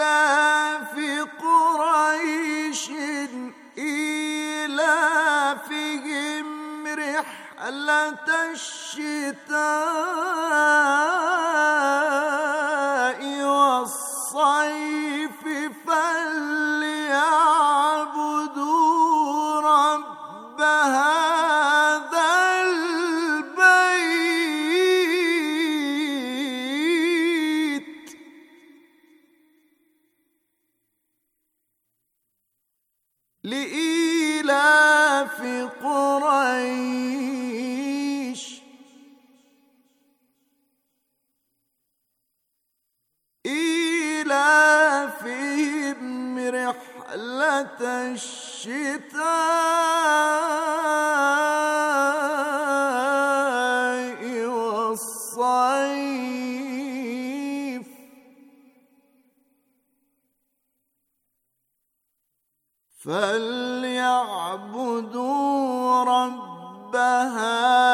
إلاف قريش الشتاء والصيف رحلة الشتاء والصيف فليعبدوا رب هذا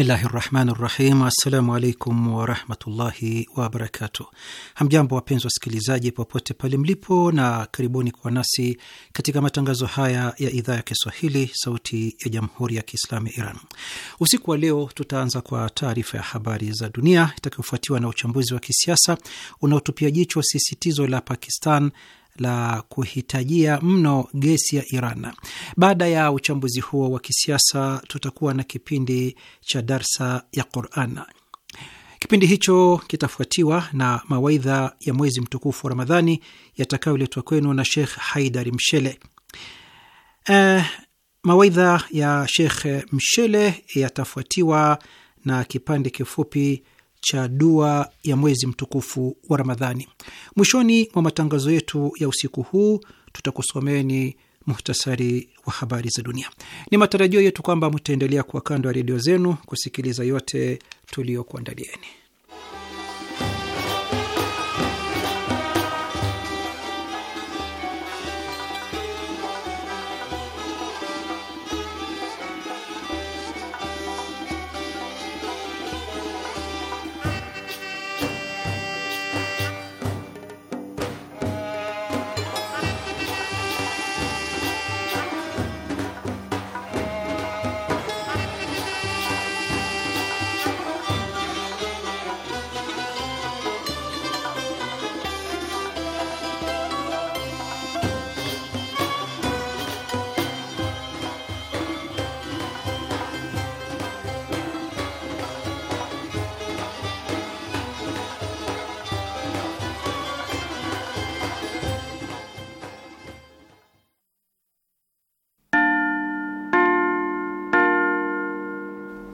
Bismillahi rahmani rahim. Assalamu alaikum warahmatullahi wabarakatu. Hamjambo wapenzi wasikilizaji, popote pale mlipo, na karibuni kwa nasi katika matangazo haya ya idhaa ya Kiswahili, Sauti ya Jamhuri ya Kiislamu ya Iran. Usiku wa leo tutaanza kwa taarifa ya habari za dunia itakayofuatiwa na uchambuzi wa kisiasa unaotupia jicho sisitizo la Pakistan la kuhitajia mno gesi ya Iran. Baada ya uchambuzi huo wa kisiasa, tutakuwa na kipindi cha darsa ya Quran. Kipindi hicho kitafuatiwa na mawaidha ya mwezi mtukufu wa Ramadhani yatakayoletwa kwenu na Shekh haidar Mshele. E, mawaidha ya Shekh Mshele yatafuatiwa na kipande kifupi cha dua ya mwezi mtukufu wa Ramadhani. Mwishoni mwa matangazo yetu ya usiku huu tutakusomeni muhtasari wa habari za dunia. Ni matarajio yetu kwamba mtaendelea kuwa kando ya redio zenu kusikiliza yote tuliyokuandalieni.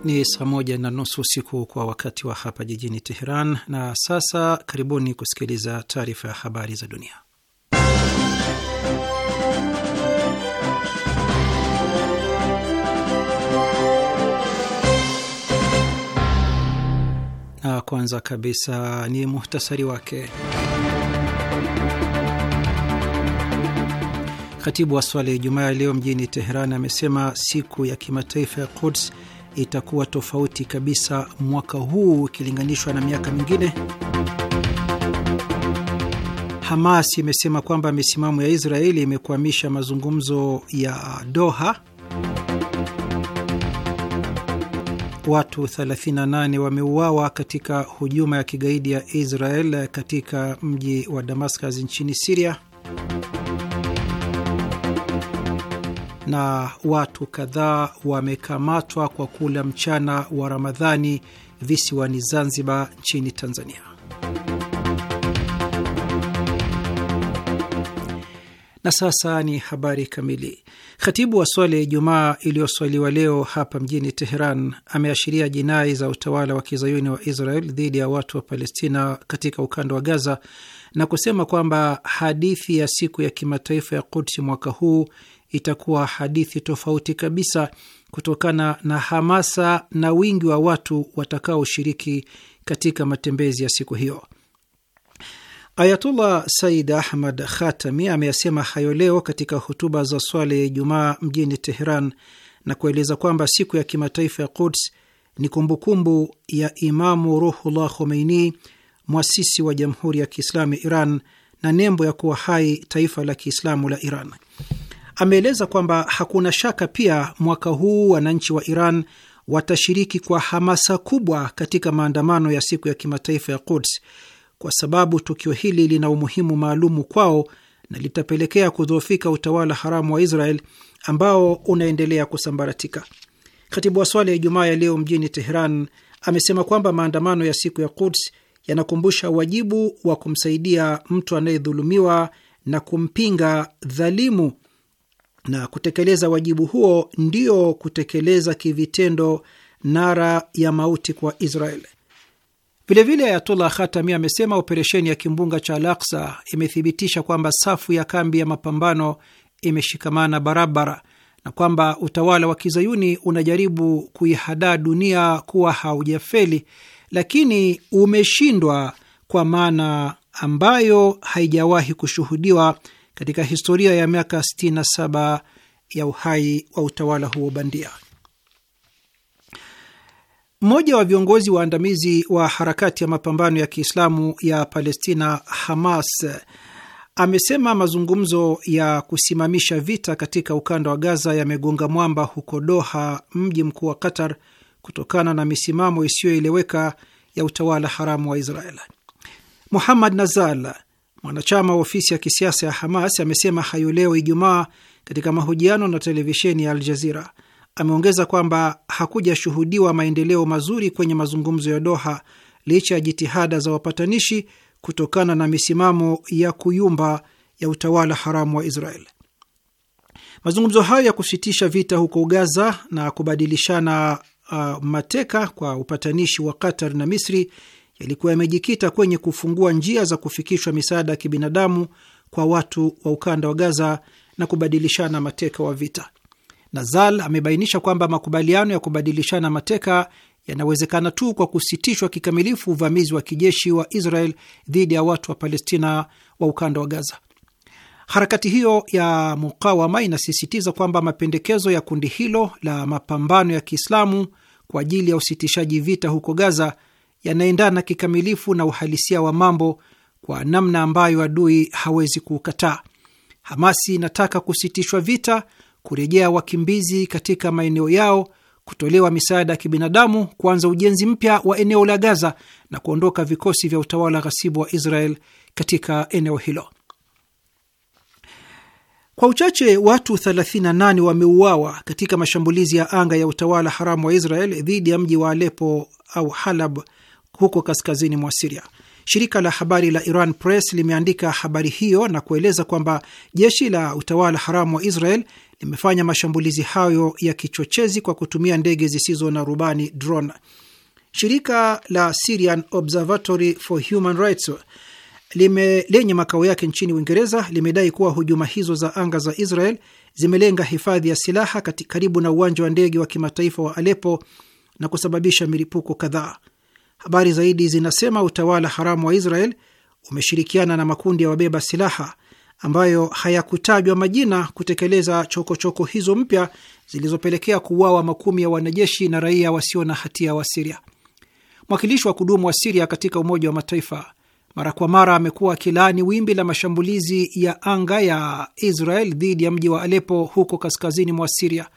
ni saa moja na nusu usiku kwa wakati wa hapa jijini Teheran. Na sasa karibuni kusikiliza taarifa ya habari za dunia, na kwanza kabisa ni muhtasari wake. katibu wa swala ya Ijumaa leo mjini Teheran amesema siku ya kimataifa ya Quds itakuwa tofauti kabisa mwaka huu ikilinganishwa na miaka mingine. Hamas imesema kwamba misimamo ya Israeli imekwamisha mazungumzo ya Doha. Watu 38 wameuawa katika hujuma ya kigaidi ya Israel katika mji wa Damascus nchini Siria na watu kadhaa wamekamatwa kwa kula mchana wa Ramadhani visiwani Zanzibar nchini Tanzania. Na sasa ni habari kamili. Khatibu wa swala ya Ijumaa iliyoswaliwa leo hapa mjini Teheran ameashiria jinai za utawala wa kizayuni wa Israel dhidi ya watu wa Palestina katika ukanda wa Gaza na kusema kwamba hadithi ya siku ya kimataifa ya Kudsi mwaka huu itakuwa hadithi tofauti kabisa kutokana na hamasa na wingi wa watu watakaoshiriki katika matembezi ya siku hiyo. Ayatullah Said Ahmad Khatami ameyasema hayo leo katika hotuba za swala ya Ijumaa mjini Teheran na kueleza kwamba siku ya kimataifa ya Quds ni kumbukumbu ya Imamu Ruhullah Khomeini, mwasisi wa Jamhuri ya Kiislamu ya Iran na nembo ya kuwa hai taifa la Kiislamu la Iran. Ameeleza kwamba hakuna shaka pia mwaka huu wananchi wa Iran watashiriki kwa hamasa kubwa katika maandamano ya siku ya kimataifa ya Quds kwa sababu tukio hili lina umuhimu maalumu kwao na litapelekea kudhoofika utawala haramu wa Israel ambao unaendelea kusambaratika. Katibu wa swala ya Ijumaa ya leo mjini Teheran amesema kwamba maandamano ya siku ya Quds yanakumbusha wajibu wa kumsaidia mtu anayedhulumiwa na kumpinga dhalimu na kutekeleza wajibu huo ndio kutekeleza kivitendo nara ya mauti kwa Israel. Vilevile ayatullah Khatami amesema operesheni ya kimbunga cha Al-Aqsa imethibitisha kwamba safu ya kambi ya mapambano imeshikamana barabara na kwamba utawala wa kizayuni unajaribu kuihadaa dunia kuwa haujafeli, lakini umeshindwa kwa maana ambayo haijawahi kushuhudiwa katika historia ya miaka 67 ya uhai wa utawala huo bandia. Mmoja wa viongozi waandamizi wa harakati ya mapambano ya Kiislamu ya Palestina, Hamas, amesema mazungumzo ya kusimamisha vita katika ukanda wa Gaza yamegonga mwamba huko Doha, mji mkuu wa Qatar, kutokana na misimamo isiyoeleweka ya utawala haramu wa Israel. Muhammad Nazal Mwanachama wa ofisi ya kisiasa ya Hamas amesema hayo leo Ijumaa katika mahojiano na televisheni ya Aljazira. Ameongeza kwamba hakujashuhudiwa maendeleo mazuri kwenye mazungumzo ya Doha licha ya jitihada za wapatanishi kutokana na misimamo ya kuyumba ya utawala haramu wa Israel. Mazungumzo hayo ya kusitisha vita huko Gaza na kubadilishana uh, mateka kwa upatanishi wa Qatar na Misri yalikuwa yamejikita kwenye kufungua njia za kufikishwa misaada ya kibinadamu kwa watu wa ukanda wa Gaza na kubadilishana mateka wa vita. Nazal amebainisha kwamba makubaliano ya kubadilishana mateka yanawezekana tu kwa kusitishwa kikamilifu uvamizi wa kijeshi wa Israel dhidi ya watu wa Palestina wa ukanda wa Gaza. Harakati hiyo ya mukawama inasisitiza kwamba mapendekezo ya kundi hilo la mapambano ya Kiislamu kwa ajili ya usitishaji vita huko Gaza yanaendana kikamilifu na uhalisia wa mambo kwa namna ambayo adui hawezi kuukataa. Hamasi inataka kusitishwa vita, kurejea wakimbizi katika maeneo yao, kutolewa misaada ya kibinadamu, kuanza ujenzi mpya wa eneo la Gaza na kuondoka vikosi vya utawala ghasibu wa Israel katika eneo hilo. Kwa uchache watu 38 wameuawa katika mashambulizi ya anga ya utawala haramu wa Israel dhidi ya mji wa Alepo au Halab huko kaskazini mwa Siria. Shirika la habari la Iran Press limeandika habari hiyo na kueleza kwamba jeshi la utawala haramu wa Israel limefanya mashambulizi hayo ya kichochezi kwa kutumia ndege zisizo na rubani drone. Shirika la Syrian Observatory for Human Rights lime, lenye makao yake nchini Uingereza limedai kuwa hujuma hizo za anga za Israel zimelenga hifadhi ya silaha kati, karibu na uwanja wa ndege wa kimataifa wa Aleppo na kusababisha milipuko kadhaa. Habari zaidi zinasema utawala haramu wa Israel umeshirikiana na makundi ya wabeba silaha ambayo hayakutajwa majina kutekeleza chokochoko choko hizo mpya zilizopelekea kuuawa makumi ya wanajeshi na raia wasio na hatia wa Siria. Mwakilishi wa kudumu wa Siria katika Umoja wa Mataifa mara kwa mara amekuwa akilaani wimbi la mashambulizi ya anga ya Israel dhidi ya mji wa Alepo huko kaskazini mwa Siria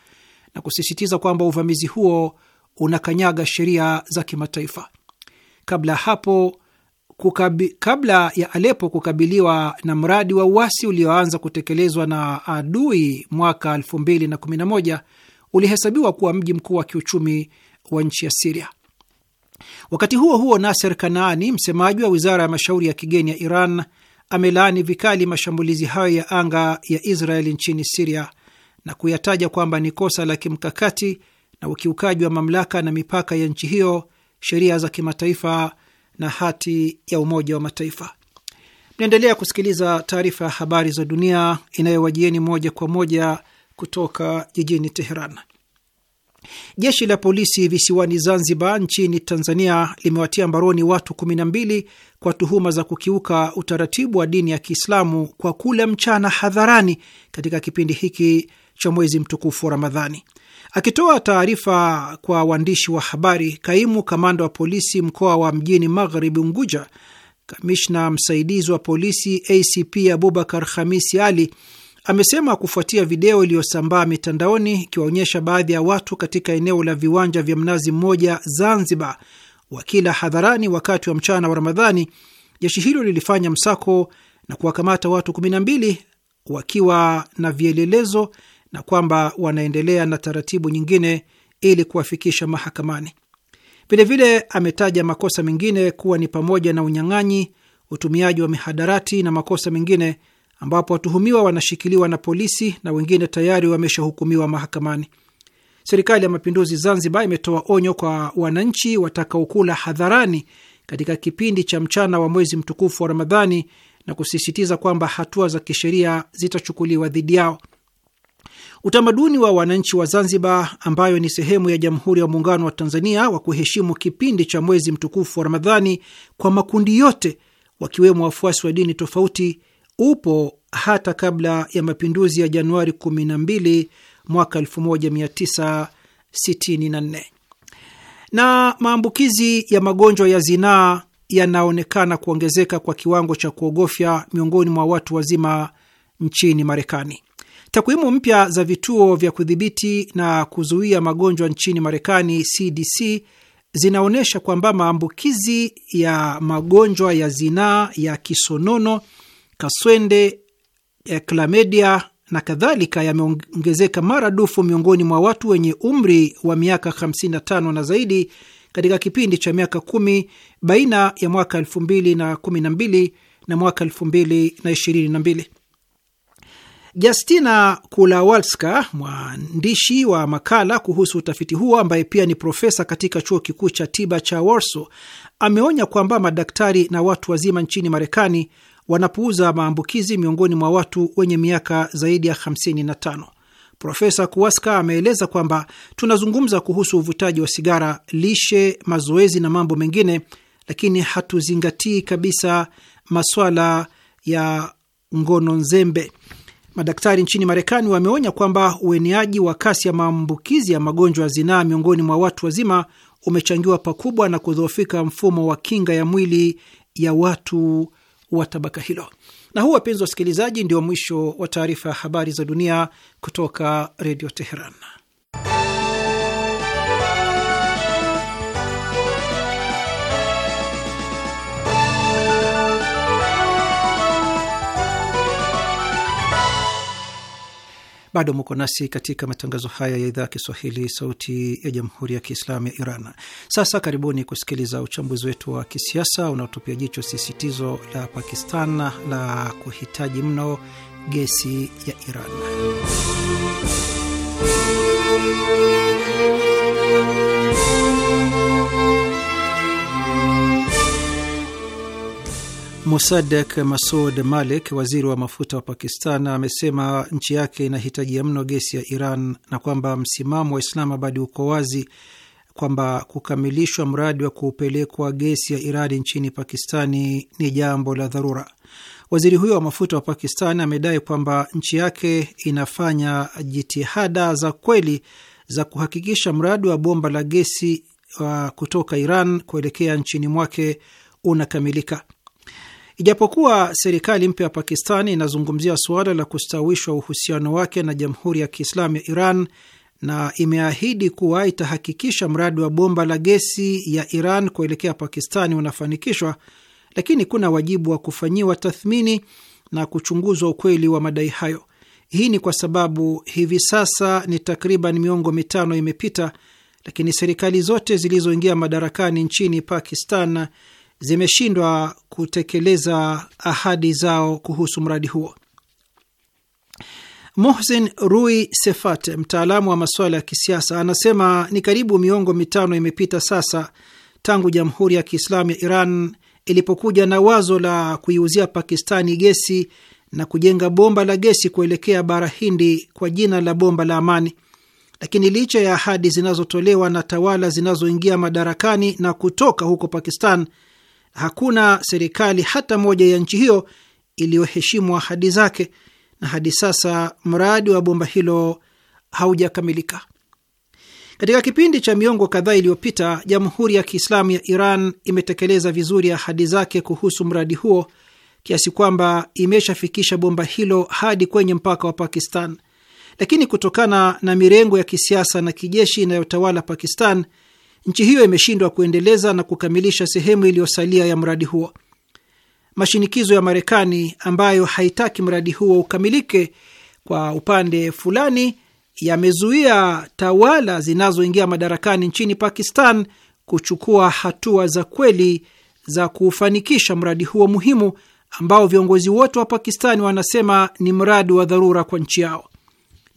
na kusisitiza kwamba uvamizi huo unakanyaga sheria za kimataifa kabla hapo kukabi, kabla ya Alepo kukabiliwa na mradi wa uasi ulioanza kutekelezwa na adui mwaka 2011 ulihesabiwa kuwa mji mkuu wa kiuchumi wa nchi ya Siria. Wakati huo huo, Naser Kanaani, msemaji wa wizara ya mashauri ya kigeni ya Iran, amelaani vikali mashambulizi hayo ya anga ya Israeli nchini Siria na kuyataja kwamba ni kosa la kimkakati na ukiukaji wa mamlaka na mipaka ya nchi hiyo sheria za kimataifa na hati ya Umoja wa Mataifa. Mnaendelea kusikiliza taarifa ya habari za dunia inayowajieni moja kwa moja kutoka jijini Teheran. Jeshi la polisi visiwani Zanzibar nchini Tanzania limewatia mbaroni watu 12 kwa tuhuma za kukiuka utaratibu wa dini ya Kiislamu kwa kula mchana hadharani katika kipindi hiki cha mwezi mtukufu wa Ramadhani. Akitoa taarifa kwa waandishi wa habari, kaimu kamanda wa polisi mkoa wa mjini Magharibi Unguja, kamishna msaidizi wa polisi ACP Abubakar Hamisi Ali amesema kufuatia video iliyosambaa mitandaoni ikiwaonyesha baadhi ya watu katika eneo la viwanja vya Mnazi Mmoja, Zanzibar, wakila hadharani wakati wa mchana wa Ramadhani, jeshi hilo lilifanya msako na kuwakamata watu 12 wakiwa na vielelezo na kwamba wanaendelea na taratibu nyingine ili kuwafikisha mahakamani. Vilevile ametaja makosa mengine kuwa ni pamoja na unyang'anyi, utumiaji wa mihadarati na makosa mengine, ambapo watuhumiwa wanashikiliwa na polisi na wengine tayari wameshahukumiwa mahakamani. Serikali ya Mapinduzi Zanzibar imetoa onyo kwa wananchi watakaokula hadharani katika kipindi cha mchana wa mwezi mtukufu wa Ramadhani na kusisitiza kwamba hatua za kisheria zitachukuliwa dhidi yao. Utamaduni wa wananchi wa Zanzibar, ambayo ni sehemu ya Jamhuri ya Muungano wa Tanzania, wa kuheshimu kipindi cha mwezi mtukufu wa Ramadhani kwa makundi yote, wakiwemo wafuasi wa dini tofauti, upo hata kabla ya mapinduzi ya Januari 12 mwaka 1964 na maambukizi ya magonjwa ya zinaa yanaonekana kuongezeka kwa kiwango cha kuogofya miongoni mwa watu wazima nchini Marekani. Takwimu mpya za vituo vya kudhibiti na kuzuia magonjwa nchini Marekani, CDC, zinaonyesha kwamba maambukizi ya magonjwa ya zinaa ya kisonono, kaswende, klamedia eh, na kadhalika yameongezeka maradufu miongoni mwa watu wenye umri wa miaka 55 na zaidi katika kipindi cha miaka kumi baina ya mwaka 2012 na mwaka 2022. Justina Kulawalska, mwandishi wa makala kuhusu utafiti huo, ambaye pia ni profesa katika chuo kikuu cha tiba cha Warsaw, ameonya kwamba madaktari na watu wazima nchini Marekani wanapuuza maambukizi miongoni mwa watu wenye miaka zaidi ya 55. Profesa Kuwaska ameeleza kwamba tunazungumza kuhusu uvutaji wa sigara, lishe, mazoezi na mambo mengine, lakini hatuzingatii kabisa maswala ya ngono nzembe. Madaktari nchini Marekani wameonya kwamba ueneaji wa kasi ya maambukizi ya magonjwa ya zinaa miongoni mwa watu wazima umechangiwa pakubwa na kudhoofika mfumo wa kinga ya mwili ya watu wa tabaka hilo. Na huu, wapenzi wasikilizaji, ndio mwisho wa taarifa ya habari za dunia kutoka Redio Teheran. Bado muko nasi katika matangazo haya ya idhaa ya Kiswahili, sauti ya jamhuri ya kiislamu ya Iran. Sasa karibuni kusikiliza uchambuzi wetu wa kisiasa unaotupia jicho sisitizo la Pakistan la kuhitaji mno gesi ya Iran. Musadek Masud Malik, waziri wa mafuta wa Pakistan, amesema nchi yake inahitajia mno gesi ya Iran na kwamba msimamo wa Islamabad uko wazi kwamba kukamilishwa mradi wa kupelekwa gesi ya Irani nchini Pakistani ni jambo la dharura. Waziri huyo wa mafuta wa Pakistan amedai kwamba nchi yake inafanya jitihada za kweli za kuhakikisha mradi wa bomba la gesi wa uh, kutoka Iran kuelekea nchini mwake unakamilika. Ijapokuwa serikali mpya ya Pakistani inazungumzia suala la kustawishwa uhusiano wake na Jamhuri ya Kiislamu ya Iran na imeahidi kuwa itahakikisha mradi wa bomba la gesi ya Iran kuelekea Pakistani unafanikishwa, lakini kuna wajibu wa kufanyiwa tathmini na kuchunguzwa ukweli wa madai hayo. Hii ni kwa sababu hivi sasa ni takriban miongo mitano imepita, lakini serikali zote zilizoingia madarakani nchini Pakistan zimeshindwa kutekeleza ahadi zao kuhusu mradi huo. Mohsen Rui Sefat, mtaalamu wa masuala ya kisiasa, anasema ni karibu miongo mitano imepita sasa tangu Jamhuri ya Kiislamu ya Iran ilipokuja na wazo la kuiuzia Pakistani gesi na kujenga bomba la gesi kuelekea bara Hindi kwa jina la bomba la amani. Lakini licha ya ahadi zinazotolewa na tawala zinazoingia madarakani na kutoka huko Pakistan, Hakuna serikali hata moja ya nchi hiyo iliyoheshimu ahadi zake, na hadi sasa mradi wa bomba hilo haujakamilika. Katika kipindi cha miongo kadhaa iliyopita, Jamhuri ya Kiislamu ya Iran imetekeleza vizuri ahadi zake kuhusu mradi huo kiasi kwamba imeshafikisha bomba hilo hadi kwenye mpaka wa Pakistan, lakini kutokana na mirengo ya kisiasa na kijeshi inayotawala Pakistan nchi hiyo imeshindwa kuendeleza na kukamilisha sehemu iliyosalia ya mradi huo. Mashinikizo ya Marekani ambayo haitaki mradi huo ukamilike kwa upande fulani yamezuia tawala zinazoingia madarakani nchini Pakistan kuchukua hatua za kweli za kuufanikisha mradi huo muhimu ambao viongozi wote wa Pakistani wanasema ni mradi wa dharura kwa nchi yao.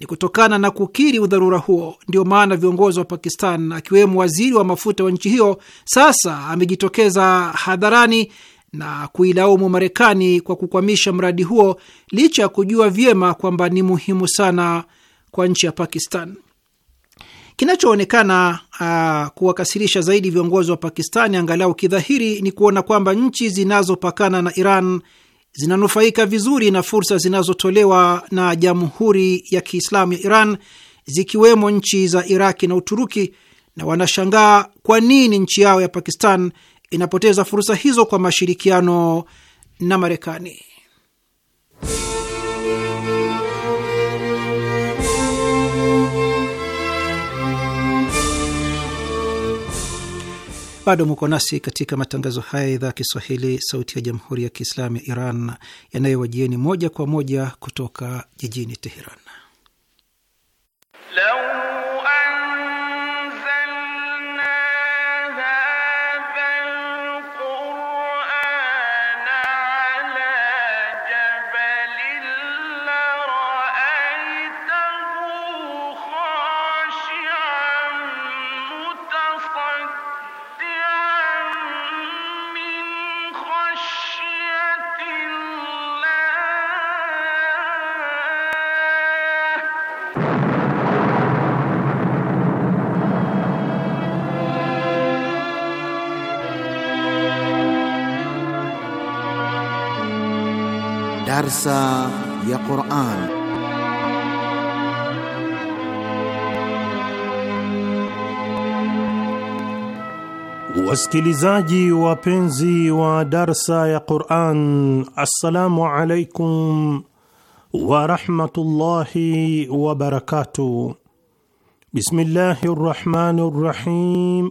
Ni kutokana na kukiri udharura huo ndio maana viongozi wa Pakistan akiwemo waziri wa mafuta wa nchi hiyo sasa amejitokeza hadharani na kuilaumu Marekani kwa kukwamisha mradi huo licha ya kujua vyema kwamba ni muhimu sana kwa nchi ya Pakistan. Kinachoonekana uh, kuwakasirisha zaidi viongozi wa Pakistani, angalau kidhahiri, ni kuona kwamba nchi zinazopakana na Iran zinanufaika vizuri na fursa zinazotolewa na Jamhuri ya Kiislamu ya Iran, zikiwemo nchi za Iraki na Uturuki, na wanashangaa kwa nini nchi yao ya Pakistan inapoteza fursa hizo kwa mashirikiano na Marekani. Bado muko nasi katika matangazo haya ya idhaa ya Kiswahili, sauti ya jamhuri ya kiislamu ya Iran yanayowajieni moja kwa moja kutoka jijini Teheran. darsa ya Quran. Wasikilizaji wapenzi wa darsa ya Quran, assalamu alaikum warahmatullahi wabarakatuh. Bismillahi rrahmani rrahim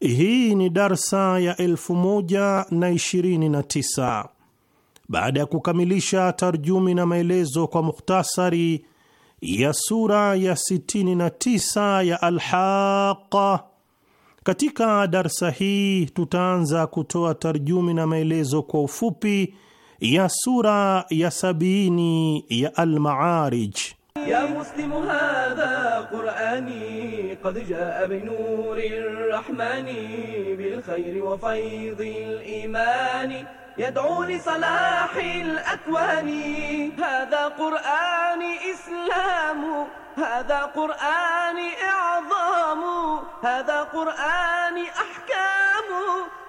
Hii ni darsa ya 1129 baada ya kukamilisha tarjumi na maelezo kwa mukhtasari ya sura ya 69 ya Alhaqa. Katika darsa hii tutaanza kutoa tarjumi na maelezo kwa ufupi ya sura ya sabini ya Almaarij. يا مسلم هذا قرآني قد جاء بنور الرحمن بالخير وفيض الإيمان يدعو لصلاح الأكوان هذا قرآن إسلام هذا قرآن إعظام هذا قرآن أحكام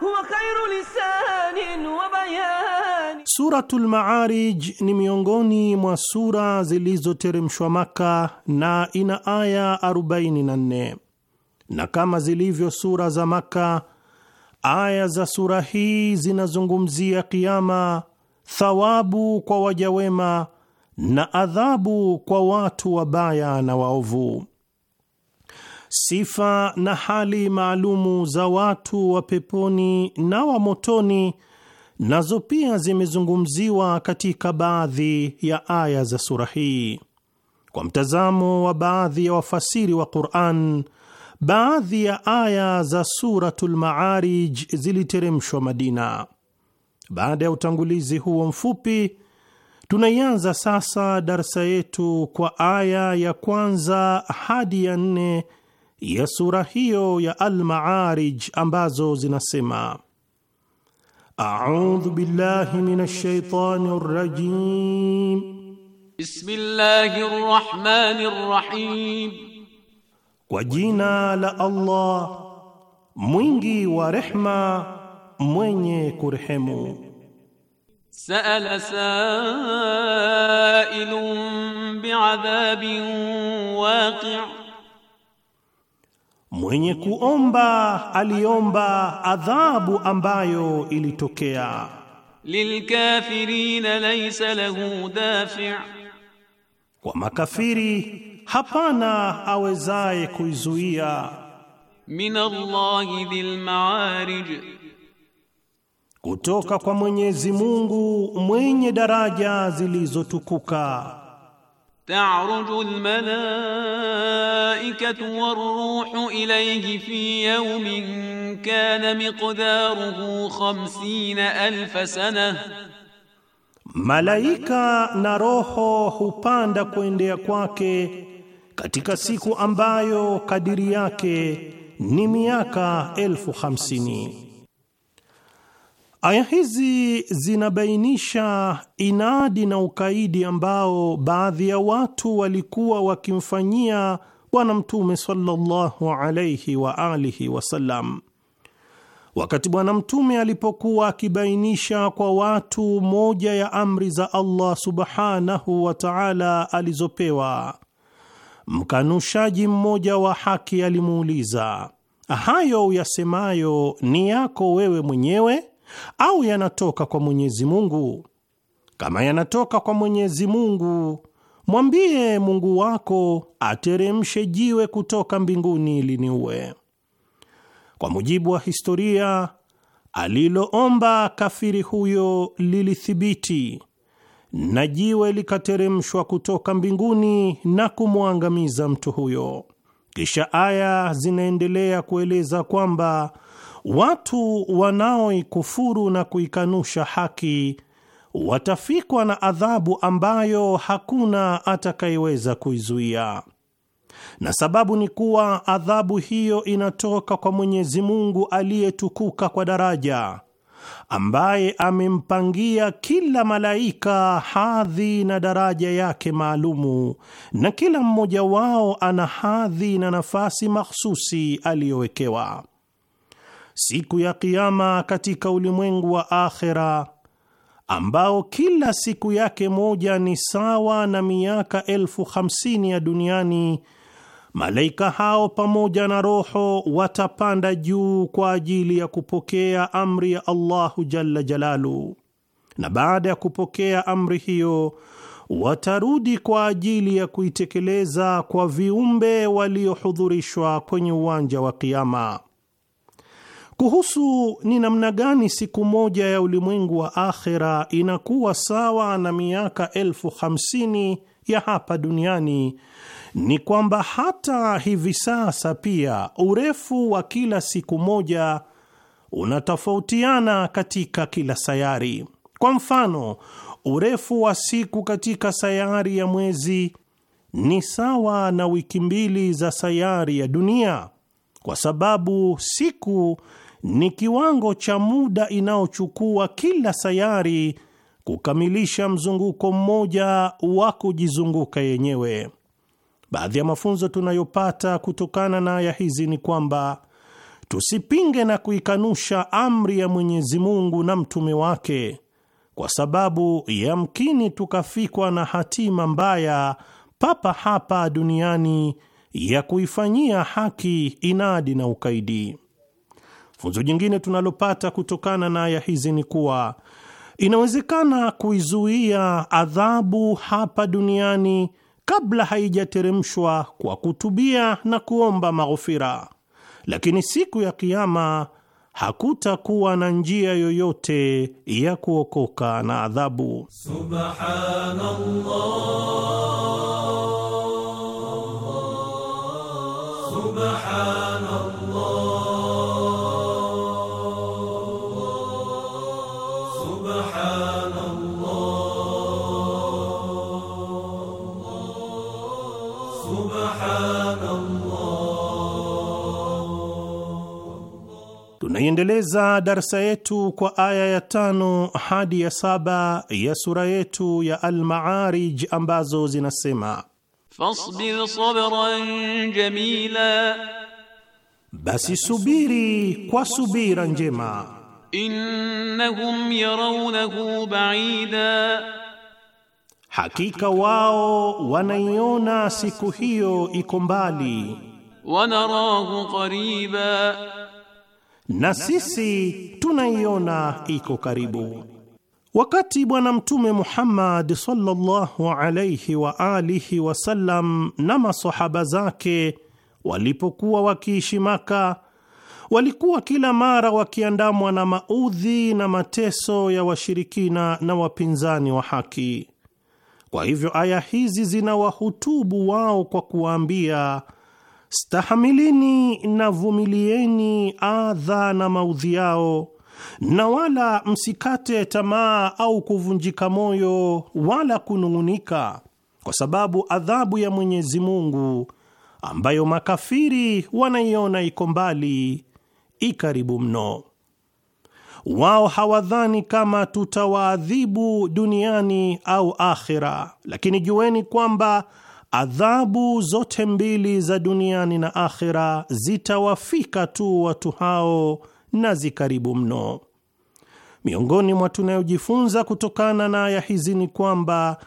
هو خير لسان وبيان سورة المعارج ni miongoni mwa sura zilizoteremshwa Maka na ina aya 44 na kama zilivyo sura za Maka Aya za sura hii zinazungumzia kiama, thawabu kwa wajawema na adhabu kwa watu wabaya na waovu. Sifa na hali maalumu za watu wa peponi na wa motoni nazo pia zimezungumziwa katika baadhi ya aya za sura hii. Kwa mtazamo wa baadhi ya wafasiri wa Qur'an Baadhi ya aya za Suratul Maarij ziliteremshwa Madina. Baada ya utangulizi huo mfupi, tunaianza sasa darsa yetu kwa aya ya kwanza hadi ya nne ya sura hiyo ya Al-Maarij ambazo zinasema: A'udhu billahi minash shaitani rrajim. Bismillahir rahmanir rahim kwa jina la Allah mwingi wa rehma, mwenye kurehemu. Sa'ala sa'ilun bi'adhabin waqi', mwenye kuomba aliomba adhabu ambayo ilitokea. Lilkafirina laysa lahu dafi', kwa makafiri hapana awezaye kuizuia. min Allahi dhil maarij, kutoka kwa Mwenyezi Mungu mwenye daraja zilizotukuka. Ta'ruju almalaikatu warruhu ilayhi fi yawmin kana miqdaruhu 50 alf sana Malaika na roho hupanda kuendea kwake katika siku ambayo kadiri yake ni miaka elfu hamsini. Aya hizi zinabainisha inadi na ukaidi ambao baadhi ya watu walikuwa wakimfanyia Bwana Mtume sallallahu alayhi wa alihi wasallam. Wakati Bwana Mtume alipokuwa akibainisha kwa watu moja ya amri za Allah subhanahu wa taala alizopewa Mkanushaji mmoja wa haki alimuuliza, hayo uyasemayo ni yako wewe mwenyewe au yanatoka kwa Mwenyezi Mungu? Kama yanatoka kwa Mwenyezi Mungu, mwambie Mungu wako ateremshe jiwe kutoka mbinguni ili niue. Kwa mujibu wa historia, aliloomba kafiri huyo lilithibiti na jiwe likateremshwa kutoka mbinguni na kumwangamiza mtu huyo. Kisha aya zinaendelea kueleza kwamba watu wanaoikufuru na kuikanusha haki watafikwa na adhabu ambayo hakuna atakayeweza kuizuia, na sababu ni kuwa adhabu hiyo inatoka kwa Mwenyezi Mungu aliyetukuka kwa daraja ambaye amempangia kila malaika hadhi na daraja yake maalumu, na kila mmoja wao ana hadhi na nafasi mahsusi aliyowekewa. Siku ya Kiama katika ulimwengu wa akhera ambao kila siku yake moja ni sawa na miaka elfu hamsini ya duniani Malaika hao pamoja na roho watapanda juu kwa ajili ya kupokea amri ya Allahu jalla jalalu, na baada ya kupokea amri hiyo watarudi kwa ajili ya kuitekeleza kwa viumbe waliohudhurishwa kwenye uwanja wa Kiama. Kuhusu ni namna gani siku moja ya ulimwengu wa akhera inakuwa sawa na miaka elfu hamsini ya hapa duniani ni kwamba hata hivi sasa pia urefu wa kila siku moja unatofautiana katika kila sayari. Kwa mfano, urefu wa siku katika sayari ya mwezi ni sawa na wiki mbili za sayari ya dunia, kwa sababu siku ni kiwango cha muda inayochukua kila sayari kukamilisha mzunguko mmoja wa kujizunguka yenyewe. Baadhi ya mafunzo tunayopata kutokana na aya hizi ni kwamba tusipinge na kuikanusha amri ya Mwenyezi Mungu na mtume wake, kwa sababu yamkini tukafikwa na hatima mbaya papa hapa duniani ya kuifanyia haki inadi na ukaidi. Funzo jingine tunalopata kutokana na aya hizi ni kuwa inawezekana kuizuia adhabu hapa duniani kabla haijateremshwa kwa kutubia na kuomba maghufira lakini siku ya Kiama hakutakuwa na njia yoyote ya kuokoka na adhabu. Subhanallah. Tunaiendeleza darsa yetu kwa aya ya tano hadi ya saba ya sura yetu ya Al-Ma'arij ambazo zinasema: Fasbir sabran jamila, basi subiri kwa subira njema. Innahum yarawnahu ba'ida Hakika wao wanaiona siku hiyo iko mbali. Wanarahu qariba, na sisi tunaiona iko karibu. Wakati Bwana Mtume Muhammad sallallahu alayhi wa alihi wasallam na masahaba zake walipokuwa wakiishi Maka, walikuwa kila mara wakiandamwa na maudhi na mateso ya washirikina na wapinzani wa haki. Kwa hivyo aya hizi zinawahutubu wao kwa kuwaambia stahamilini na vumilieni adha na maudhi yao, na wala msikate tamaa au kuvunjika moyo wala kunung'unika, kwa sababu adhabu ya Mwenyezi Mungu ambayo makafiri wanaiona iko mbali, ikaribu mno. Wao hawadhani kama tutawaadhibu duniani au akhira, lakini jueni kwamba adhabu zote mbili za duniani na akhira zitawafika tu watu hao na zikaribu mno. Miongoni mwa tunayojifunza kutokana na aya hizi ni kwamba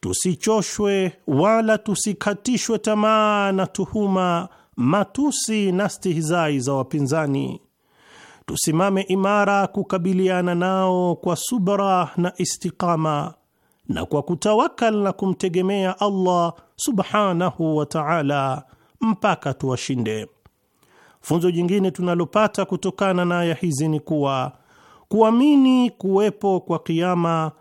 tusichoshwe wala tusikatishwe tamaa na tuhuma, matusi na stihizai za wapinzani tusimame imara kukabiliana nao kwa subra na istiqama na kwa kutawakal na kumtegemea Allah subhanahu wa ta'ala mpaka tuwashinde. Funzo jingine tunalopata kutokana na aya hizi ni kuwa kuamini kuwepo kwa kiama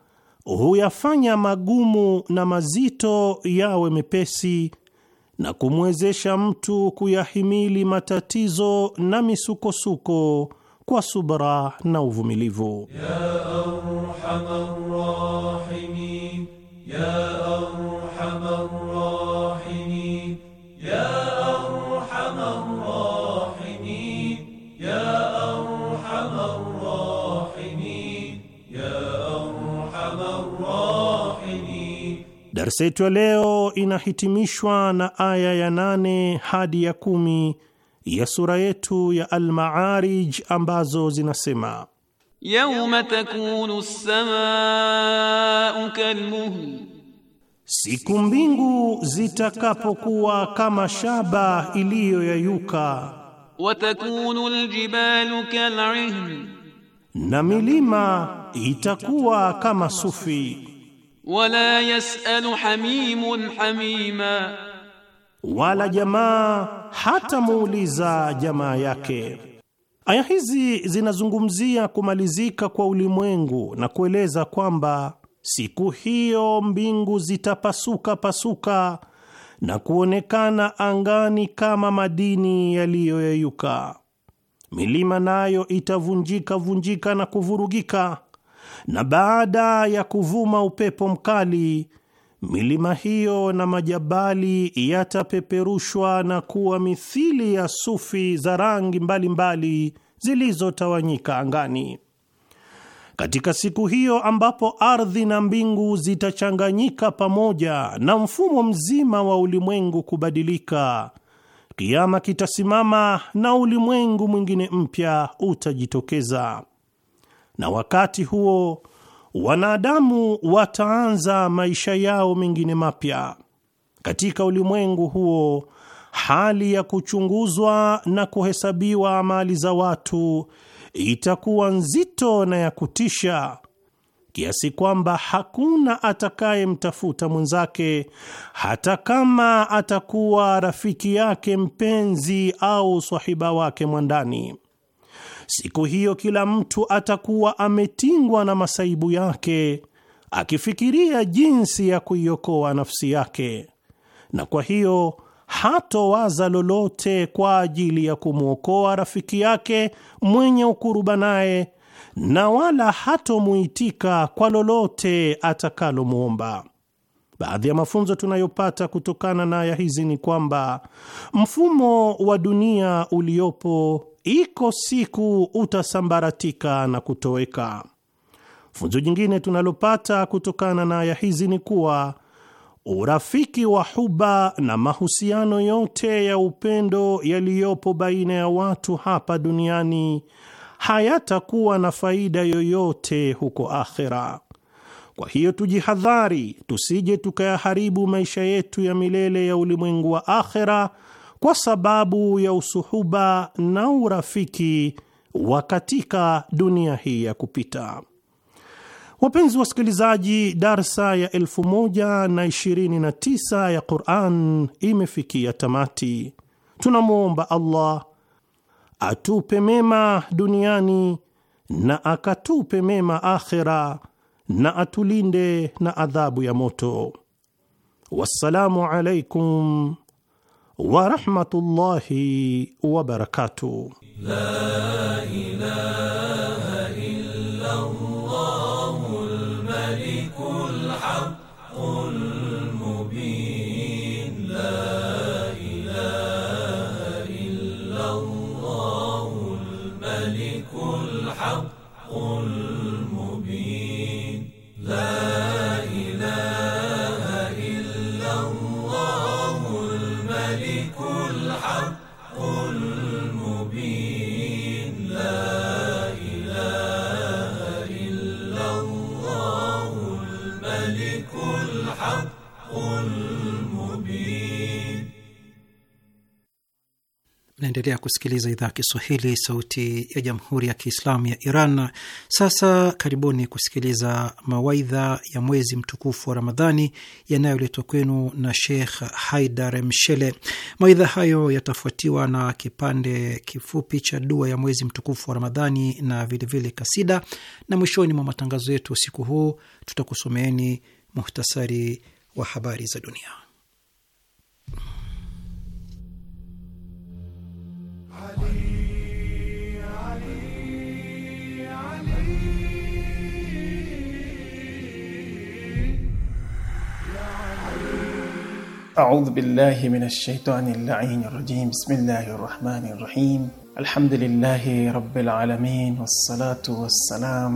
huyafanya magumu na mazito yawe mepesi na kumwezesha mtu kuyahimili matatizo na misukosuko kwa subra na uvumilivu. Darsa yetu ya leo inahitimishwa na aya ya nane hadi ya kumi ya sura yetu ya Al-Ma'arij ambazo zinasema yauma takunu as-samaa'u kalmuhl, siku mbingu zitakapokuwa kama shaba iliyoyayuka. Wa takunu al-jibalu kal'ihn, na milima itakuwa kama sufi. Wala yas'alu hamimun hamima, wala jamaa hatamuuliza jamaa yake. Aya hizi zinazungumzia kumalizika kwa ulimwengu na kueleza kwamba siku hiyo mbingu zitapasuka pasuka na kuonekana angani kama madini yaliyoyeyuka. Milima nayo itavunjika vunjika na kuvurugika, na baada ya kuvuma upepo mkali milima hiyo na majabali yatapeperushwa na kuwa mithili ya sufi za rangi mbalimbali zilizotawanyika angani. Katika siku hiyo ambapo ardhi na mbingu zitachanganyika pamoja na mfumo mzima wa ulimwengu kubadilika, kiama kitasimama na ulimwengu mwingine mpya utajitokeza, na wakati huo wanadamu wataanza maisha yao mengine mapya katika ulimwengu huo. Hali ya kuchunguzwa na kuhesabiwa amali za watu itakuwa nzito na ya kutisha kiasi kwamba hakuna atakayemtafuta mwenzake, hata kama atakuwa rafiki yake mpenzi au swahiba wake mwandani. Siku hiyo kila mtu atakuwa ametingwa na masaibu yake, akifikiria jinsi ya kuiokoa nafsi yake, na kwa hiyo hatowaza lolote kwa ajili ya kumwokoa rafiki yake mwenye ukuruba naye, na wala hatomuitika kwa lolote atakalomwomba. Baadhi ya mafunzo tunayopata kutokana na aya hizi ni kwamba mfumo wa dunia uliopo iko siku utasambaratika na kutoweka. Funzo jingine tunalopata kutokana na aya hizi ni kuwa urafiki wa huba na mahusiano yote ya upendo yaliyopo baina ya watu hapa duniani hayatakuwa na faida yoyote huko akhera. Kwa hiyo tujihadhari, tusije tukayaharibu maisha yetu ya milele ya ulimwengu wa akhera kwa sababu ya usuhuba na urafiki wa katika dunia hii ya kupita. Wapenzi wasikilizaji, darsa ya 129 ya Quran imefikia tamati. Tunamwomba Allah atupe mema duniani na akatupe mema akhera na atulinde na adhabu ya moto. Wassalamu alaikum ورحمة الله وبركاته لا إله Mnaendelea kusikiliza idhaa ya Kiswahili, sauti ya jamhuri ya kiislamu ya Iran. Sasa karibuni kusikiliza mawaidha ya mwezi mtukufu wa Ramadhani yanayoletwa kwenu na Sheikh Haidar Mshele. Mawaidha hayo yatafuatiwa na kipande kifupi cha dua ya mwezi mtukufu wa Ramadhani na vilevile kasida, na mwishoni mwa matangazo yetu usiku huu tutakusomeeni muhtasari wa habari za dunia. أعوذ بالله من الشيطان اللعين الرجيم بسم الله الرحمن الرحيم الحمد لله رب العالمين والصلاة والسلام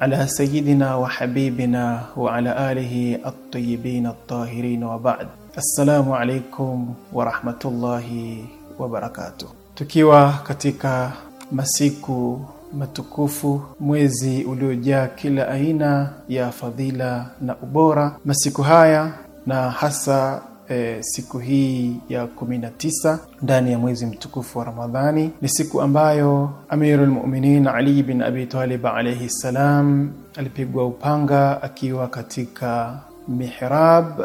على سيدنا وحبيبنا وعلى آله الطيبين الطاهرين وبعد السلام عليكم ورحمة الله وبركاته Tukiwa katika masiku matukufu, mwezi uliojaa kila aina ya fadhila na ubora, masiku haya na hasa E, siku hii ya kumi na tisa ndani ya mwezi mtukufu wa Ramadhani ni siku ambayo amirulmuminin Ali bin abitalib alaihi alayhi alipigwa upanga akiwa katika mihrab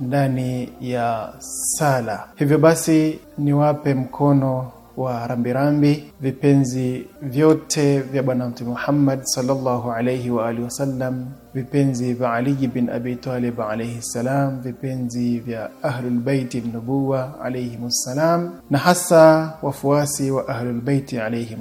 ndani ya sala. Hivyo basi niwape mkono wa rambirambi, vipenzi vyote vya Bwana Mtume Muhammad sallallahu alayhi wa alihi wasallam, vipenzi vya Ali bin Abi Talib alayhi salam, vipenzi vya Ahlul Baiti nubuwa alayhim salam, na hasa wafuasi wa Ahlul Baiti alayhim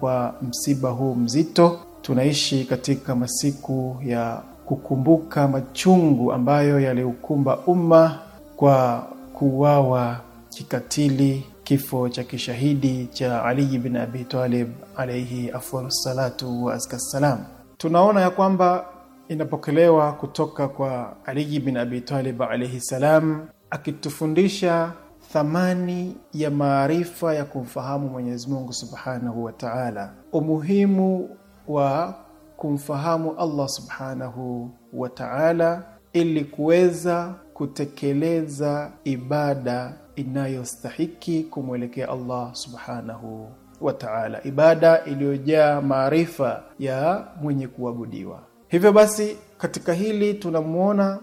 kwa msiba huu mzito. Tunaishi katika masiku ya kukumbuka machungu ambayo yaliukumba umma kwa kuwawa kikatili kifo cha kishahidi cha Ali ibn Abi Talib alayhi afdhalu salatu wa azka salam. Tunaona ya kwamba inapokelewa kutoka kwa Ali ibn Abi Talib alayhi salam akitufundisha thamani ya maarifa ya kumfahamu Mwenyezi Mungu Subhanahu wa Ta'ala, umuhimu wa kumfahamu Allah Subhanahu wa Ta'ala ili kuweza kutekeleza ibada inayostahiki kumwelekea Allah subhanahu wa ta'ala, ibada iliyojaa maarifa ya mwenye kuabudiwa. Hivyo basi katika hili tunamwona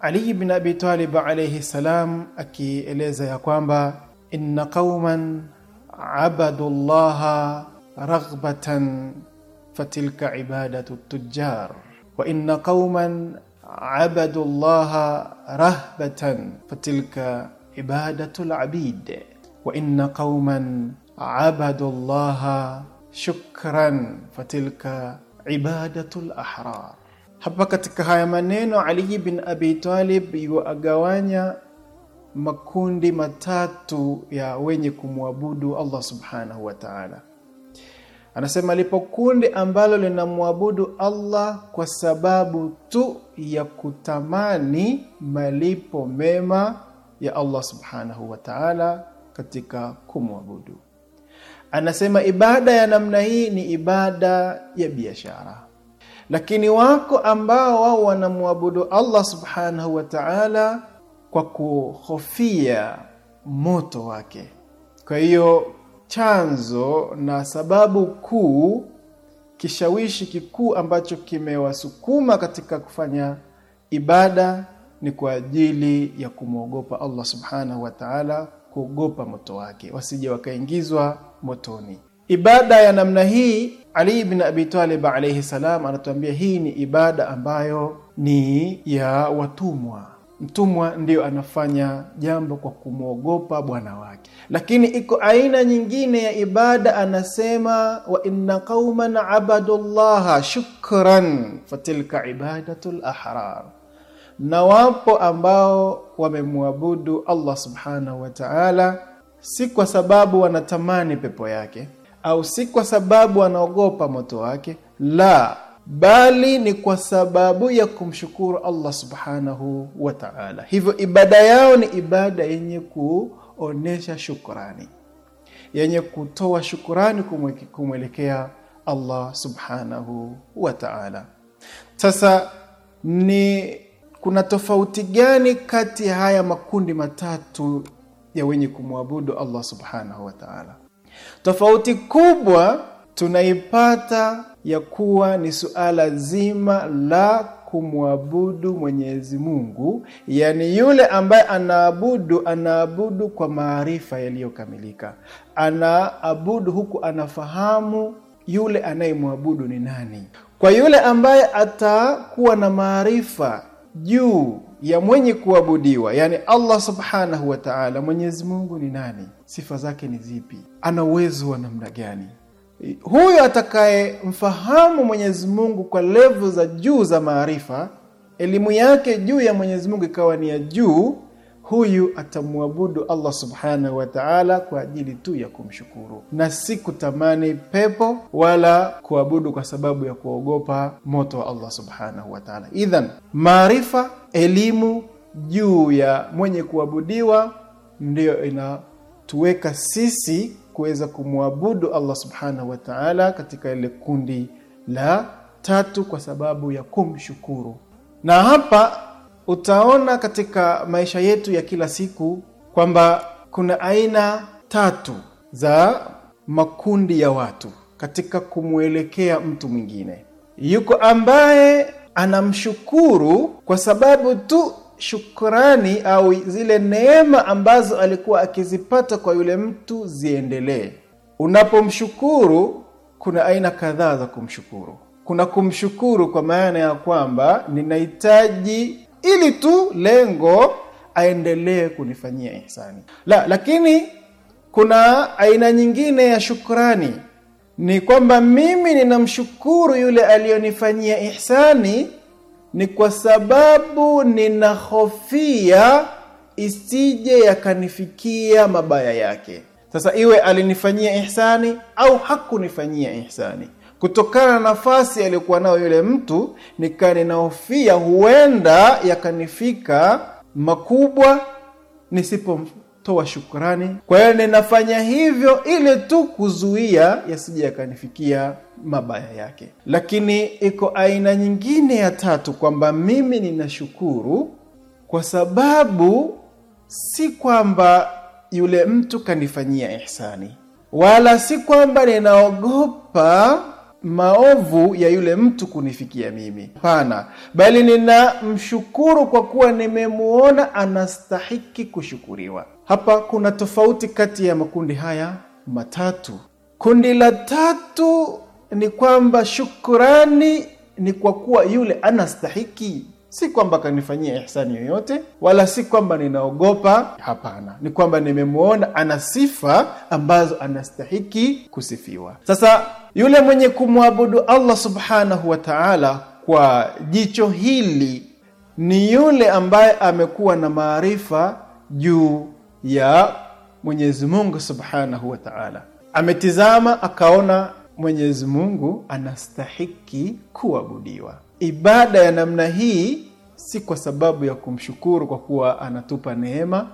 Ali bin Abi Talib alayhi salam akieleza ya kwamba inna qauman abadu llaha raghbatan fatilka ibadatu tujjar wa inna qauman abadu llaha rahbatan fatilka ibadatul abid wa inna qauman abadu llaha shukran fatilka ibadatu lahrar Hapa katika haya maneno Ali bin Abi Talib yuagawanya makundi matatu ya wenye kumwabudu Allah subhanahu wa ta'ala. Anasema lipo kundi ambalo linamwabudu Allah kwa sababu tu ya kutamani malipo mema ya Allah subhanahu wa ta'ala katika kumwabudu. Anasema ibada ya namna hii ni ibada ya biashara, lakini wako ambao wao wanamwabudu Allah subhanahu wa ta'ala kwa kuhofia moto wake. Kwa hiyo chanzo na sababu kuu, kishawishi kikuu ambacho kimewasukuma katika kufanya ibada ni kwa ajili ya kumwogopa Allah subhanahu wa ta'ala, kuogopa moto wake, wasije wakaingizwa motoni. Ibada ya namna hii, Ali ibn Abi Talib alayhi salam anatuambia hii ni ibada ambayo ni ya watumwa. Mtumwa ndiyo anafanya jambo kwa kumwogopa bwana wake, lakini iko aina nyingine ya ibada. Anasema wa inna qauman abadu llaha shukran fatilka ibadatul ahrar na wapo ambao wamemwabudu Allah subhanahu wa ta'ala, si kwa sababu wanatamani pepo yake au si kwa sababu wanaogopa moto wake, la, bali ni kwa sababu ya kumshukuru Allah subhanahu wa ta'ala. Hivyo ibada yao ni ibada yenye kuonesha shukrani, yenye kutoa shukrani kumwelekea Allah subhanahu wa ta'ala. Sasa ni kuna tofauti gani kati ya haya makundi matatu ya wenye kumwabudu Allah subhanahu wa ta'ala? Tofauti kubwa tunaipata ya kuwa ni suala zima la kumwabudu Mwenyezi Mungu, yaani yule ambaye anaabudu, anaabudu kwa maarifa yaliyokamilika, anaabudu huku anafahamu yule anayemwabudu ni nani. Kwa yule ambaye atakuwa na maarifa juu ya mwenye kuabudiwa, yani Allah subhanahu wa ta'ala. Mwenyezi Mungu ni nani? Sifa zake ni zipi? Ana uwezo wa namna gani? E, huyo atakayemfahamu Mwenyezi Mungu kwa levu za juu za maarifa, elimu yake juu ya Mwenyezi Mungu ikawa ni ya juu huyu atamwabudu Allah subhanahu wa ta'ala kwa ajili tu ya kumshukuru na si kutamani pepo wala kuabudu kwa sababu ya kuogopa moto wa Allah subhanahu wa ta'ala. Idhan, maarifa, elimu juu ya mwenye kuabudiwa ndiyo inatuweka sisi kuweza kumwabudu Allah subhanahu wa ta'ala katika ile kundi la tatu kwa sababu ya kumshukuru, na hapa utaona katika maisha yetu ya kila siku kwamba kuna aina tatu za makundi ya watu katika kumwelekea mtu mwingine. Yuko ambaye anamshukuru kwa sababu tu shukrani au zile neema ambazo alikuwa akizipata kwa yule mtu ziendelee. Unapomshukuru, kuna aina kadhaa za kumshukuru. Kuna kumshukuru kwa maana ya kwamba ninahitaji ili tu lengo aendelee kunifanyia ihsani. La, lakini kuna aina nyingine ya shukrani ni kwamba mimi ninamshukuru yule aliyonifanyia ihsani ni kwa sababu ninahofia isije yakanifikia mabaya yake. Sasa iwe alinifanyia ihsani au hakunifanyia ihsani kutokana na nafasi aliyokuwa nayo yule mtu, nikaa ninaofia huenda yakanifika makubwa nisipotoa shukrani. Kwa hiyo ninafanya hivyo ili tu kuzuia yasija yakanifikia mabaya yake. Lakini iko aina nyingine ya tatu, kwamba mimi ninashukuru kwa sababu si kwamba yule mtu kanifanyia ihsani, wala si kwamba ninaogopa maovu ya yule mtu kunifikia mimi. Hapana, bali ninamshukuru kwa kuwa nimemwona anastahiki kushukuriwa. Hapa kuna tofauti kati ya makundi haya matatu. Kundi la tatu ni kwamba shukurani ni kwa kuwa yule anastahiki si kwamba kanifanyia ihsani yoyote, wala si kwamba ninaogopa. Hapana, ni kwamba nimemwona ana sifa ambazo anastahiki kusifiwa. Sasa yule mwenye kumwabudu Allah subhanahu wa ta'ala kwa jicho hili ni yule ambaye amekuwa na maarifa juu ya Mwenyezi Mungu subhanahu wa ta'ala, ametizama akaona Mwenyezi Mungu anastahiki kuabudiwa ibada ya namna hii si kwa sababu ya kumshukuru kwa kuwa anatupa neema,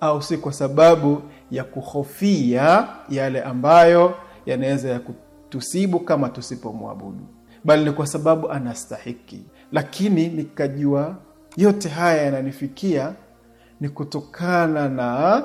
au si kwa sababu ya kuhofia yale ambayo yanaweza ya kutusibu kama tusipomwabudu, bali ni kwa sababu anastahiki. Lakini nikajua yote haya yananifikia ni kutokana na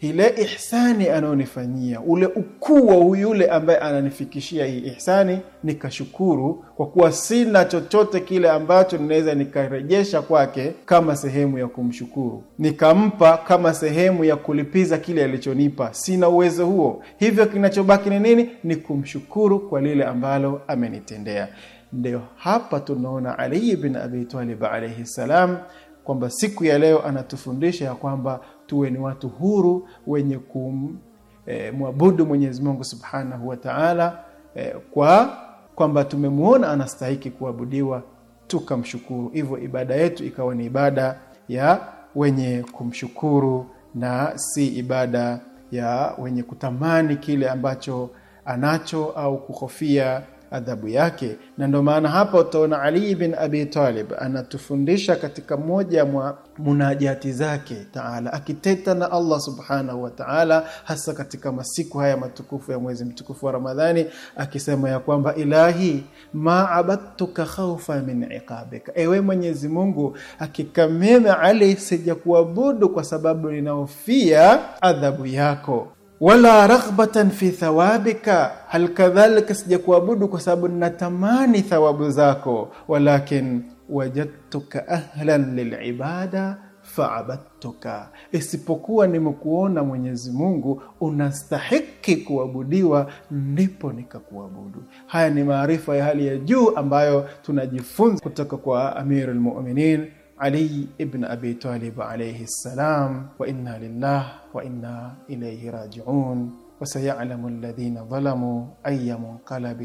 ile ihsani anayonifanyia, ule ukuu wa yule ambaye ananifikishia hii ihsani, nikashukuru kwa kuwa sina chochote kile ambacho ninaweza nikarejesha kwake kama sehemu ya kumshukuru, nikampa kama sehemu ya kulipiza kile alichonipa. Sina uwezo huo, hivyo kinachobaki ni nini? Ni kumshukuru kwa lile ambalo amenitendea. Ndio hapa tunaona Ali bin abitalib alaihi salam kwamba siku ya leo anatufundisha ya kwamba tuwe ni watu huru wenye kumwabudu eh, e, Mwenyezi Mungu Subhanahu wa Ta'ala e, kwa kwamba tumemuona anastahiki kuabudiwa tukamshukuru. Hivyo ibada yetu ikawa ni ibada ya wenye kumshukuru na si ibada ya wenye kutamani kile ambacho anacho au kuhofia adhabu yake. Na ndio maana hapa utaona Ali bin Abi Talib anatufundisha katika moja mwa munajati zake taala, akiteta na Allah subhanahu wa taala, hasa katika masiku haya matukufu ya mwezi mtukufu wa Ramadhani, akisema ya kwamba ilahi ma abadtuka khaufa min iqabika, ewe Mwenyezi Mungu, hakika mimi Ali sijakuabudu kwa sababu ninaofia adhabu yako wala raghbatan fi thawabika, hal kadhalika sijakuabudu kwa sababu ninatamani thawabu zako, walakin wajadtuka ahlan lilibada faabadtuka, isipokuwa nimekuona Mwenyezi Mungu unastahiki kuabudiwa, ndipo nikakuabudu. Haya ni maarifa ya hali ya juu ambayo tunajifunza kutoka kwa Amirul Mu'minin علي ابن أبي طالب عليه السلام وإنا لله وإنا إليه راجعون وسيعلم الذين ظلموا أي منقلب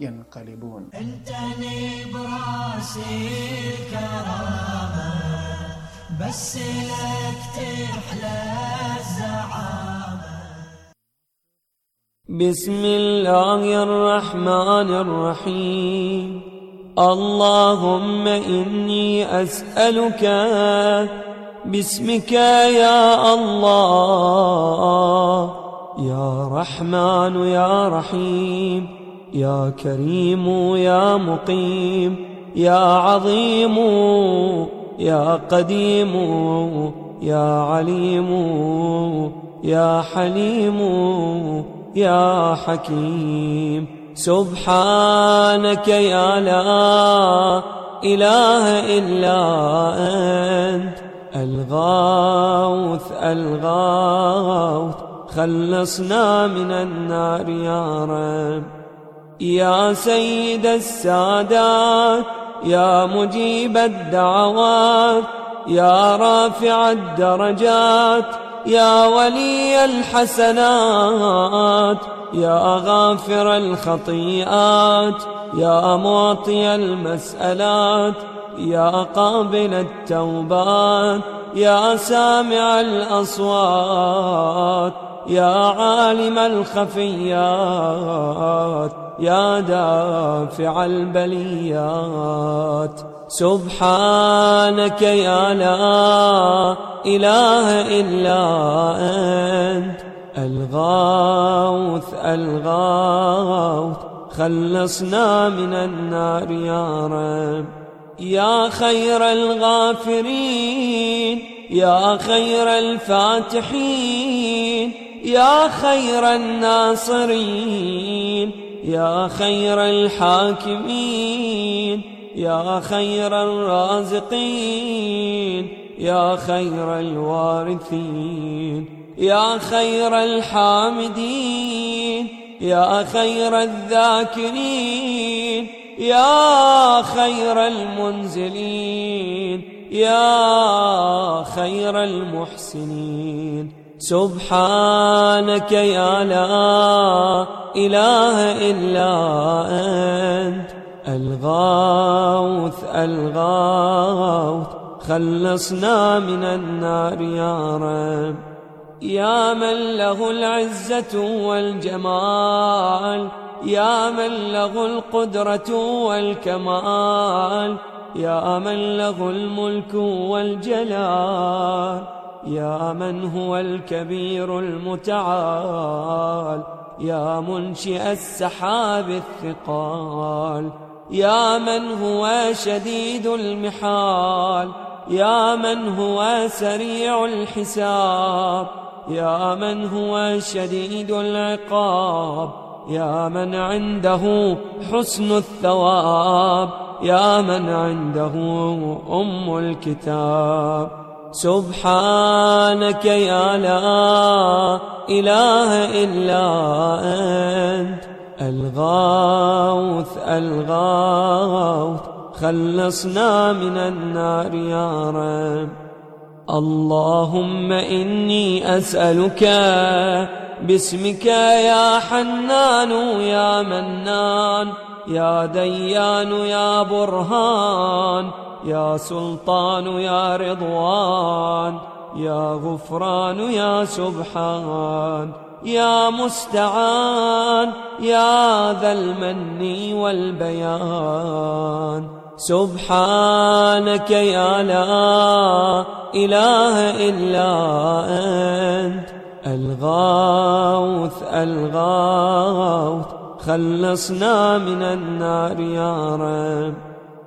ينقلبون انتني براسي الكرامة بس لك تحلى الزعامة بسم الله الرحمن الرحيم اللهم إني أسألك باسمك يا الله يا رحمن يا رحيم يا كريم يا مقيم يا عظيم يا قديم يا عليم يا حليم يا حكيم سبحانك يا لا إله إلا أنت الغوث الغوث خلصنا من النار يا رب يا سيد السادات يا مجيب الدعوات يا رافع الدرجات يا ولي الحسنات يا غافر الخطيئات يا معطي المسألات يا قابل التوبات يا سامع الأصوات يا عالم الخفيات يا دافع البليات سبحانك يا لا إله إلا أنت الغوث الغوث خلصنا من النار يا رب يا خير الغافرين يا خير الفاتحين يا خير الناصرين يا خير الحاكمين يا خير الرازقين يا خير الوارثين يا خير الحامدين يا خير الذاكرين يا خير المنزلين يا خير المحسنين سبحانك يا لا إله إلا أنت الغوث الغوث خلصنا من النار يا رب يا من له العزة والجمال يا من له القدرة والكمال يا من له الملك والجلال يا من هو الكبير المتعال يا منشئ السحاب الثقال يا من هو شديد المحال يا من هو سريع الحساب يا من هو شديد العقاب يا من عنده حسن الثواب يا من عنده أم الكتاب سبحانك يا لا إله إلا أنت الغاوث الغاوث خلصنا من النار يا رب اللهم إني أسألك باسمك يا حنان يا منان يا ديان يا برهان يا سلطان يا رضوان يا غفران يا سبحان يا مستعان يا ذا المن والبيان سبحانك يا لا إله إلا أنت الغوث الغوث خلصنا من النار يا رب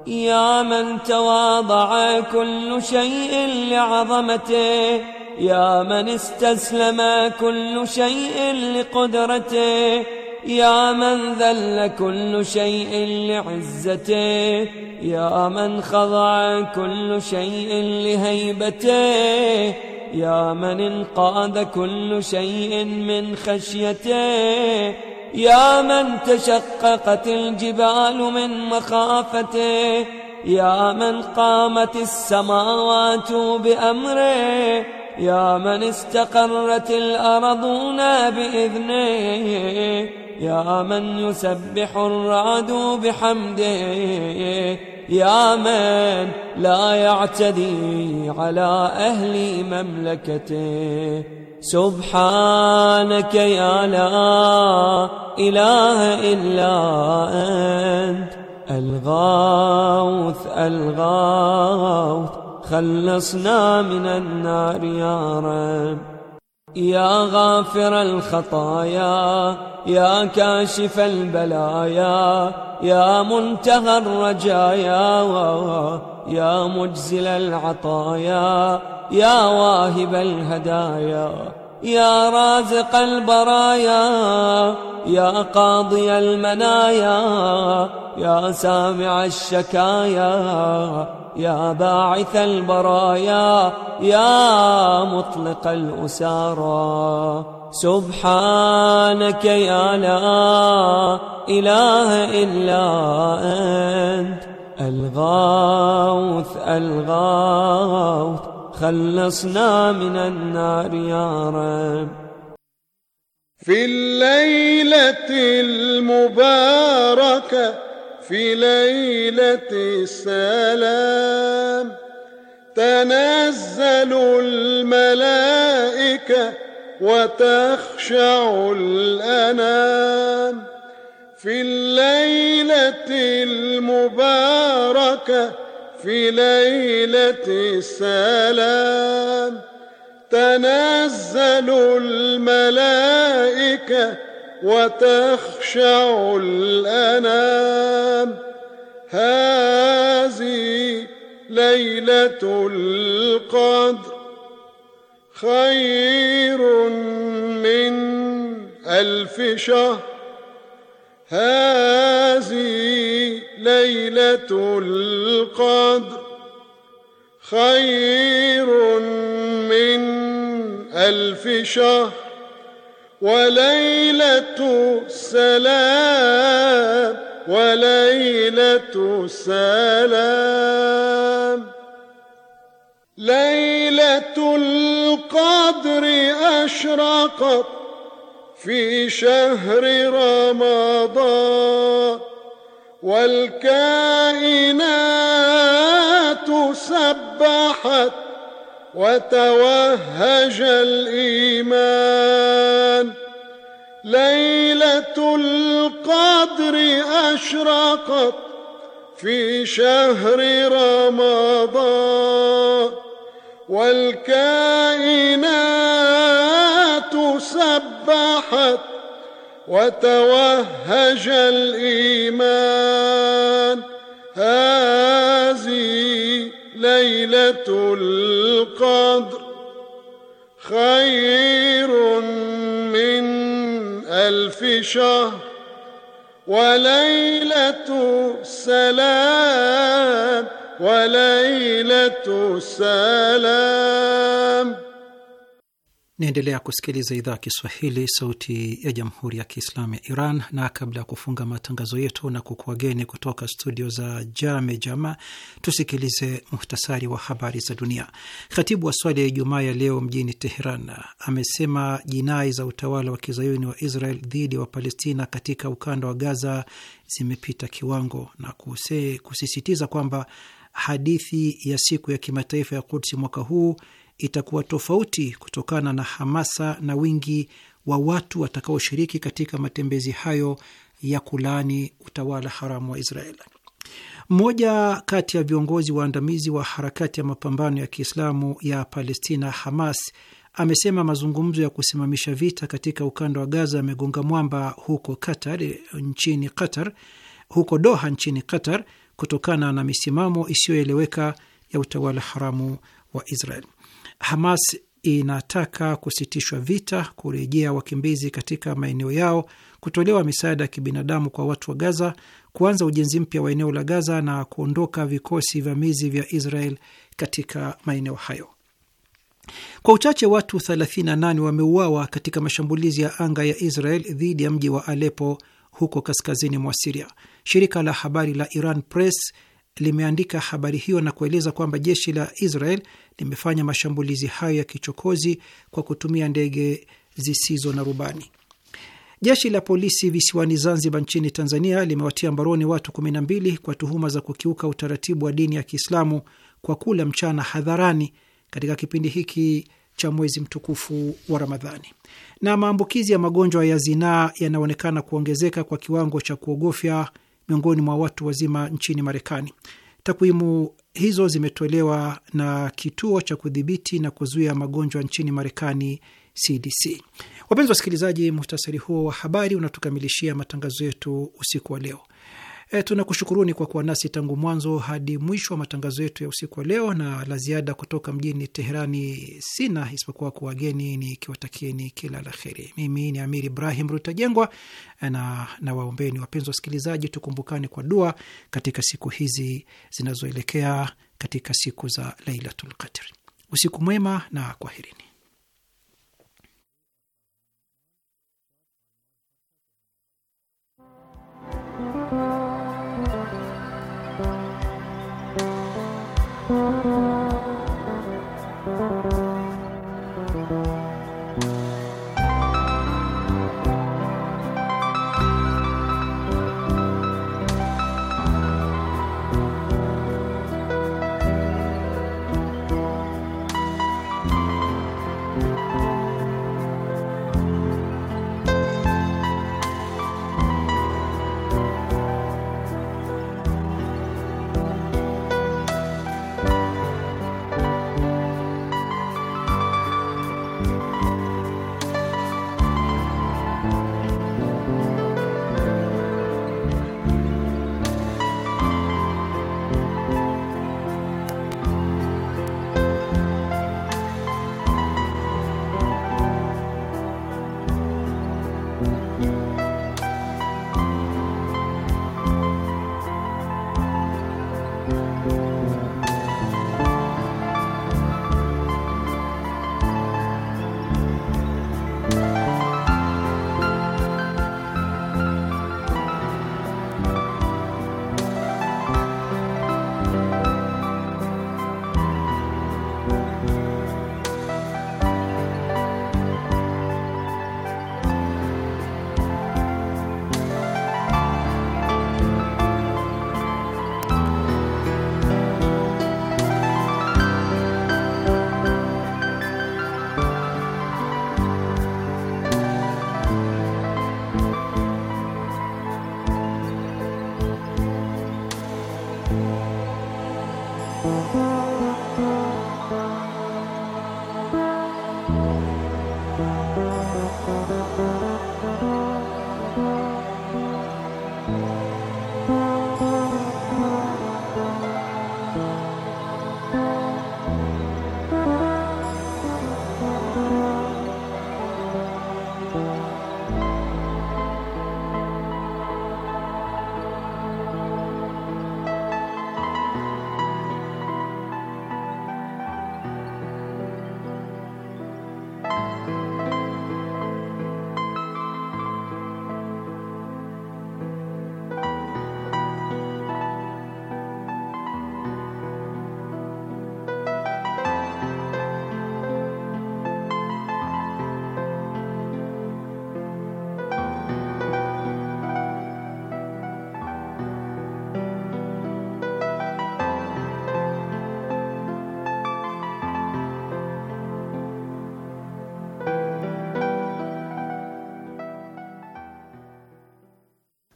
يا من تواضع كل شيء لعظمته يا من استسلم كل شيء لقدرته يا من ذل كل شيء لعزته يا من خضع كل شيء لهيبته يا من انقاد كل شيء من خشيته يا من تشققت الجبال من مخافته يا من قامت السماوات بأمره يا من استقرت الأرضون بإذنه يا من يسبح الرعد بحمده يا من لا يعتدي على أهل مملكته سبحانك يا لا إله إلا أنت الغوث الغوث خلصنا من النار يا رب يا غافر الخطايا يا كاشف البلايا يا منتهى الرجايا يا مجزل العطايا يا واهب الهدايا يا رازق البرايا يا قاضي المنايا يا سامع الشكايا يا باعث البرايا يا مطلق الأسارى سبحانك يا لا إله إلا أنت الغوث الغوث خلصنا من النار يا رب في الليلة المباركة في ليلة السلام تنزل الملائكة وتخشع الأنام في الليلة المباركة في ليلة السلام تنزل الملائكة وتخشع الأنام هذه ليلة القدر خير من ألف شهر هذه ليلة القدر خير من ألف شهر وليلة السلام وليلة السلام ليلة القدر أشرقت في شهر رمضان والكائنات سبحت وتوهج الإيمان ليلة القدر أشرقت في شهر رمضان والكائنات سبحت وتوهج الإيمان هذا القدر خير من ألف شهر وليلة السلام وليلة السلام Naendelea kusikiliza idhaa ya Kiswahili, sauti ya jamhuri ya kiislamu ya Iran. Na kabla ya kufunga matangazo yetu na kukuageni kutoka studio za Jame Jama, tusikilize muhtasari wa habari za dunia. Khatibu wa swali ya Ijumaa ya leo mjini Teheran amesema jinai za utawala wa kizayuni wa Israel dhidi ya Wapalestina katika ukanda wa Gaza zimepita kiwango na kuse, kusisitiza kwamba hadithi ya siku ya kimataifa ya Kudsi mwaka huu itakuwa tofauti kutokana na hamasa na wingi wa watu watakaoshiriki katika matembezi hayo ya kulaani utawala haramu wa israel Mmoja kati ya viongozi waandamizi wa harakati ya mapambano ya Kiislamu ya Palestina, Hamas, amesema mazungumzo ya kusimamisha vita katika ukanda wa Gaza yamegonga mwamba huko Qatar, nchini Qatar, huko Doha nchini Qatar, kutokana na misimamo isiyoeleweka ya utawala haramu wa Israel. Hamas inataka kusitishwa vita, kurejea wakimbizi katika maeneo yao, kutolewa misaada ya kibinadamu kwa watu wa Gaza, kuanza ujenzi mpya wa eneo la Gaza na kuondoka vikosi vamizi vya Israel katika maeneo hayo. Kwa uchache watu 38 wameuawa katika mashambulizi ya anga ya Israel dhidi ya mji wa Aleppo huko kaskazini mwa Siria. Shirika la habari la Iran Press limeandika habari hiyo na kueleza kwamba jeshi la Israel limefanya mashambulizi hayo ya kichokozi kwa kutumia ndege zisizo na rubani. Jeshi la polisi visiwani Zanzibar nchini Tanzania limewatia mbaroni watu 12 kwa tuhuma za kukiuka utaratibu wa dini ya Kiislamu kwa kula mchana hadharani katika kipindi hiki cha mwezi mtukufu wa Ramadhani. Na maambukizi ya magonjwa ya zinaa yanaonekana kuongezeka kwa kiwango cha kuogofya miongoni mwa watu wazima nchini Marekani. Takwimu hizo zimetolewa na kituo cha kudhibiti na kuzuia magonjwa nchini Marekani, CDC. Wapenzi wasikilizaji, muhtasari huo wa habari unatukamilishia matangazo yetu usiku wa leo. E, tunakushukuruni kwa kuwa nasi tangu mwanzo hadi mwisho wa matangazo yetu ya usiku wa leo, na la ziada kutoka mjini Teherani sina isipokuwa kuwageni nikiwatakieni kila la kheri Mimi ni Amir Ibrahim Rutajengwa na nawaombeni wapenzi wasikilizaji, tukumbukane kwa dua katika siku hizi zinazoelekea katika siku za Lailatul Qadr. Usiku mwema na kwaherini.